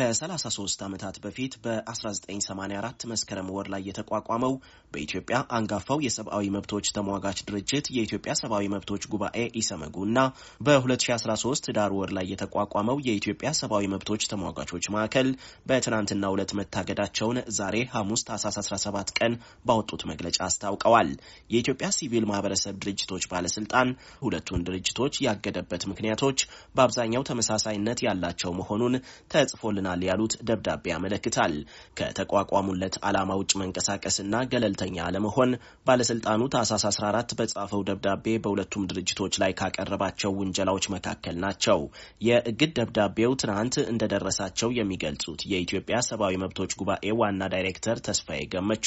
ከ33 ዓመታት በፊት በ1984 መስከረም ወር ላይ የተቋቋመው በኢትዮጵያ አንጋፋው የሰብአዊ መብቶች ተሟጋች ድርጅት የኢትዮጵያ ሰብአዊ መብቶች ጉባኤ ኢሰመጉ እና በ2013 ዳር ወር ላይ የተቋቋመው የኢትዮጵያ ሰብአዊ መብቶች ተሟጋቾች ማዕከል በትናንትና ሁለት መታገዳቸውን ዛሬ ሐሙስ ታህሳስ 17 ቀን ባወጡት መግለጫ አስታውቀዋል። የኢትዮጵያ ሲቪል ማህበረሰብ ድርጅቶች ባለስልጣን ሁለቱን ድርጅቶች ያገደበት ምክንያቶች በአብዛኛው ተመሳሳይነት ያላቸው መሆኑን ተጽፎልናል ይሆናል ያሉት ደብዳቤ ያመለክታል። ከተቋቋሙለት ዓላማ ውጭ መንቀሳቀስና ገለልተኛ አለመሆን ባለስልጣኑ ታህሳስ 14 በጻፈው ደብዳቤ በሁለቱም ድርጅቶች ላይ ካቀረባቸው ውንጀላዎች መካከል ናቸው። የእግድ ደብዳቤው ትናንት እንደደረሳቸው የሚገልጹት የኢትዮጵያ ሰብአዊ መብቶች ጉባኤ ዋና ዳይሬክተር ተስፋዬ ገመቹ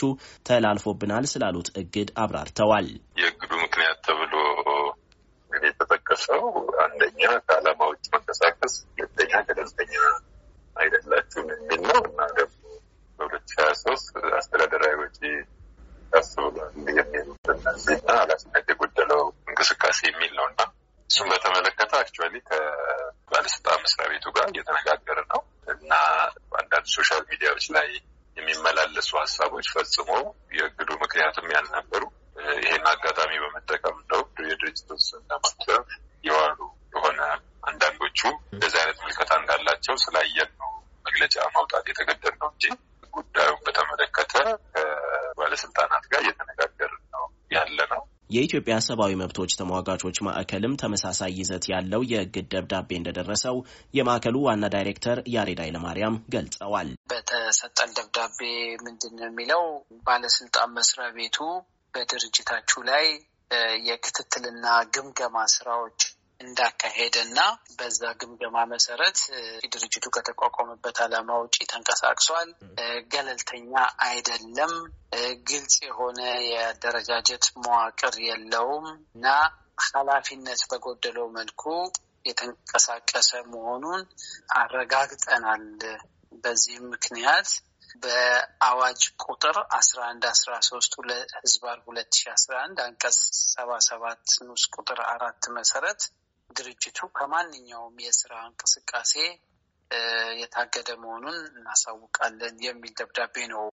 ተላልፎብናል ስላሉት እግድ አብራርተዋል። የእግዱ ምክንያት ተብሎ የተጠቀሰው አንደኛ ከዓላማ ውጭ መንቀሳቀስ፣ ሁለተኛ ገለልተኛ አይደላችሁም የሚል ነው እና ደግሞ በሁለት ሺ ሀያ ሶስት አስተዳደራዊ ወጪ ከፍ ብሏል የሚል እነዚህ እና ኃላፊነት የጎደለው እንቅስቃሴ የሚል ነው እና እሱም በተመለከተ አክቹዋሊ ከባለስልጣን መስሪያ ቤቱ ጋር እየተነጋገረ ነው እና አንዳንድ ሶሻል ሚዲያዎች ላይ የሚመላለሱ ሀሳቦች ፈጽሞ የእግዱ ምክንያትም ያልነበሩ ይሄን አጋጣሚ በመጠቀም እንደው የድርጅቱን ስም ለማጥፋት የዋሉ የሆነ አንዳንዶቹ እንደዚ መሆናቸው ስላየን ነው መግለጫ ማውጣት የተገደድ ነው እንጂ ጉዳዩን በተመለከተ ከባለስልጣናት ጋር እየተነጋገር ነው ያለ ነው። የኢትዮጵያ ሰብአዊ መብቶች ተሟጋቾች ማዕከልም ተመሳሳይ ይዘት ያለው የእግድ ደብዳቤ እንደደረሰው የማዕከሉ ዋና ዳይሬክተር ያሬድ ኃይለማርያም ገልጸዋል። በተሰጠን ደብዳቤ ምንድን ነው የሚለው ባለስልጣን መስሪያ ቤቱ በድርጅታችሁ ላይ የክትትልና ግምገማ ስራዎች እንዳካሄደና በዛ ግምገማ መሰረት ድርጅቱ ከተቋቋመበት ዓላማ ውጪ ተንቀሳቅሷል፣ ገለልተኛ አይደለም፣ ግልጽ የሆነ የአደረጃጀት መዋቅር የለውም እና ኃላፊነት በጎደለው መልኩ የተንቀሳቀሰ መሆኑን አረጋግጠናል። በዚህም ምክንያት በአዋጅ ቁጥር አስራ አንድ አስራ ሶስት ህዝባር ሁለት ሺ አስራ አንድ አንቀጽ ሰባ ሰባት ንዑስ ቁጥር አራት መሰረት ድርጅቱ ከማንኛውም የስራ እንቅስቃሴ የታገደ መሆኑን እናሳውቃለን የሚል ደብዳቤ ነው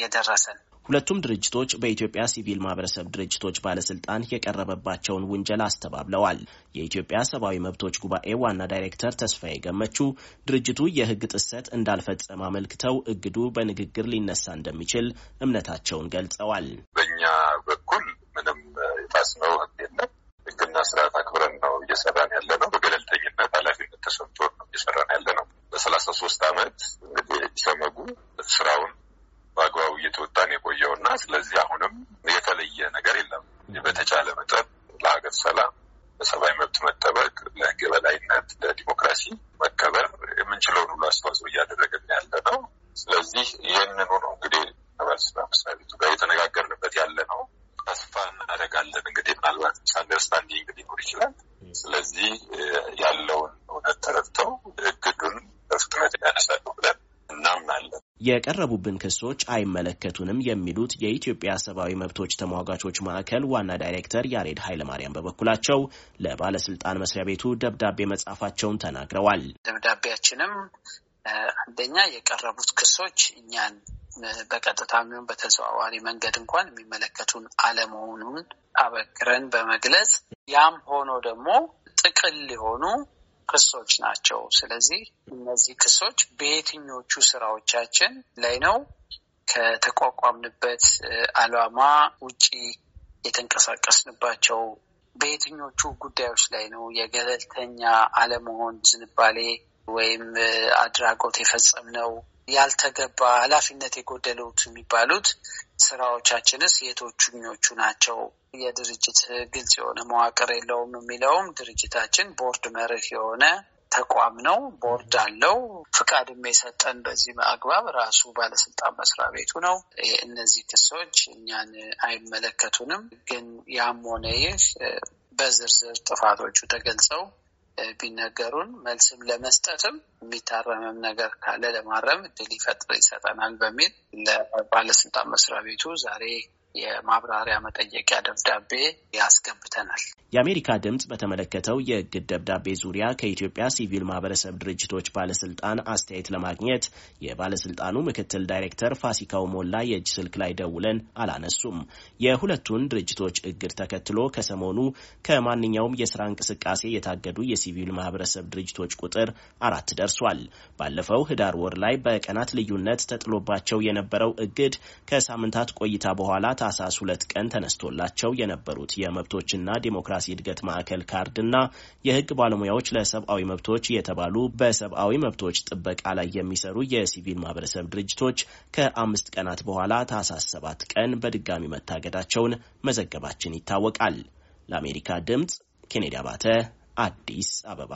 የደረሰን። ሁለቱም ድርጅቶች በኢትዮጵያ ሲቪል ማህበረሰብ ድርጅቶች ባለስልጣን የቀረበባቸውን ውንጀላ አስተባብለዋል። የኢትዮጵያ ሰብአዊ መብቶች ጉባኤ ዋና ዳይሬክተር ተስፋዬ ገመቹ ድርጅቱ የሕግ ጥሰት እንዳልፈጸመ አመልክተው እግዱ በንግግር ሊነሳ እንደሚችል እምነታቸውን ገልጸዋል። በእኛ ምናልባት አንደርስታንዲንግ ሊኖር ይችላል። ስለዚህ ያለውን እውነት ተረድተው እግዱን በፍጥነት ያነሳሉ ብለን እናምናለን። የቀረቡብን ክሶች አይመለከቱንም የሚሉት የኢትዮጵያ ሰብአዊ መብቶች ተሟጋቾች ማዕከል ዋና ዳይሬክተር ያሬድ ኃይለማርያም በበኩላቸው ለባለስልጣን መስሪያ ቤቱ ደብዳቤ መጻፋቸውን ተናግረዋል። ደብዳቤያችንም አንደኛ የቀረቡት ክሶች እኛን በቀጥታ ሚሆን በተዘዋዋሪ መንገድ እንኳን የሚመለከቱን አለመሆኑን አበክረን በመግለጽ ያም ሆኖ ደግሞ ጥቅል ሊሆኑ ክሶች ናቸው። ስለዚህ እነዚህ ክሶች በየትኞቹ ስራዎቻችን ላይ ነው ከተቋቋምንበት አላማ ውጪ የተንቀሳቀስንባቸው በየትኞቹ ጉዳዮች ላይ ነው የገለልተኛ አለመሆን ዝንባሌ ወይም አድራጎት የፈጸምነው ያልተገባ ኃላፊነት የጎደሉት የሚባሉት ስራዎቻችንስ የቶቹኞቹ ናቸው? የድርጅት ግልጽ የሆነ መዋቅር የለውም የሚለውም ድርጅታችን ቦርድ መርህ የሆነ ተቋም ነው። ቦርድ አለው። ፍቃድም የሰጠን በዚህ አግባብ ራሱ ባለስልጣን መስሪያ ቤቱ ነው። እነዚህ ክሶች እኛን አይመለከቱንም። ግን ያም ሆነ ይህ በዝርዝር ጥፋቶቹ ተገልጸው ቢነገሩን መልስም ለመስጠትም የሚታረምም ነገር ካለ ለማረም እድል ይፈጥር ይሰጠናል በሚል ለባለስልጣን መስሪያ ቤቱ ዛሬ የማብራሪያ መጠየቂያ ደብዳቤ ያስገብተናል። የአሜሪካ ድምፅ በተመለከተው የእግድ ደብዳቤ ዙሪያ ከኢትዮጵያ ሲቪል ማህበረሰብ ድርጅቶች ባለስልጣን አስተያየት ለማግኘት የባለስልጣኑ ምክትል ዳይሬክተር ፋሲካው ሞላ የእጅ ስልክ ላይ ደውለን አላነሱም። የሁለቱን ድርጅቶች እግድ ተከትሎ ከሰሞኑ ከማንኛውም የስራ እንቅስቃሴ የታገዱ የሲቪል ማህበረሰብ ድርጅቶች ቁጥር አራት ደርሷል። ባለፈው ህዳር ወር ላይ በቀናት ልዩነት ተጥሎባቸው የነበረው እግድ ከሳምንታት ቆይታ በኋላ ታህሳስ ሁለት ቀን ተነስቶላቸው የነበሩት የመብቶችና ዴሞክራሲ እድገት ማዕከል ካርድና የህግ ባለሙያዎች ለሰብአዊ መብቶች የተባሉ በሰብአዊ መብቶች ጥበቃ ላይ የሚሰሩ የሲቪል ማህበረሰብ ድርጅቶች ከአምስት ቀናት በኋላ ታህሳስ ሰባት ቀን በድጋሚ መታገዳቸውን መዘገባችን ይታወቃል። ለአሜሪካ ድምፅ ኬኔዲ አባተ አዲስ አበባ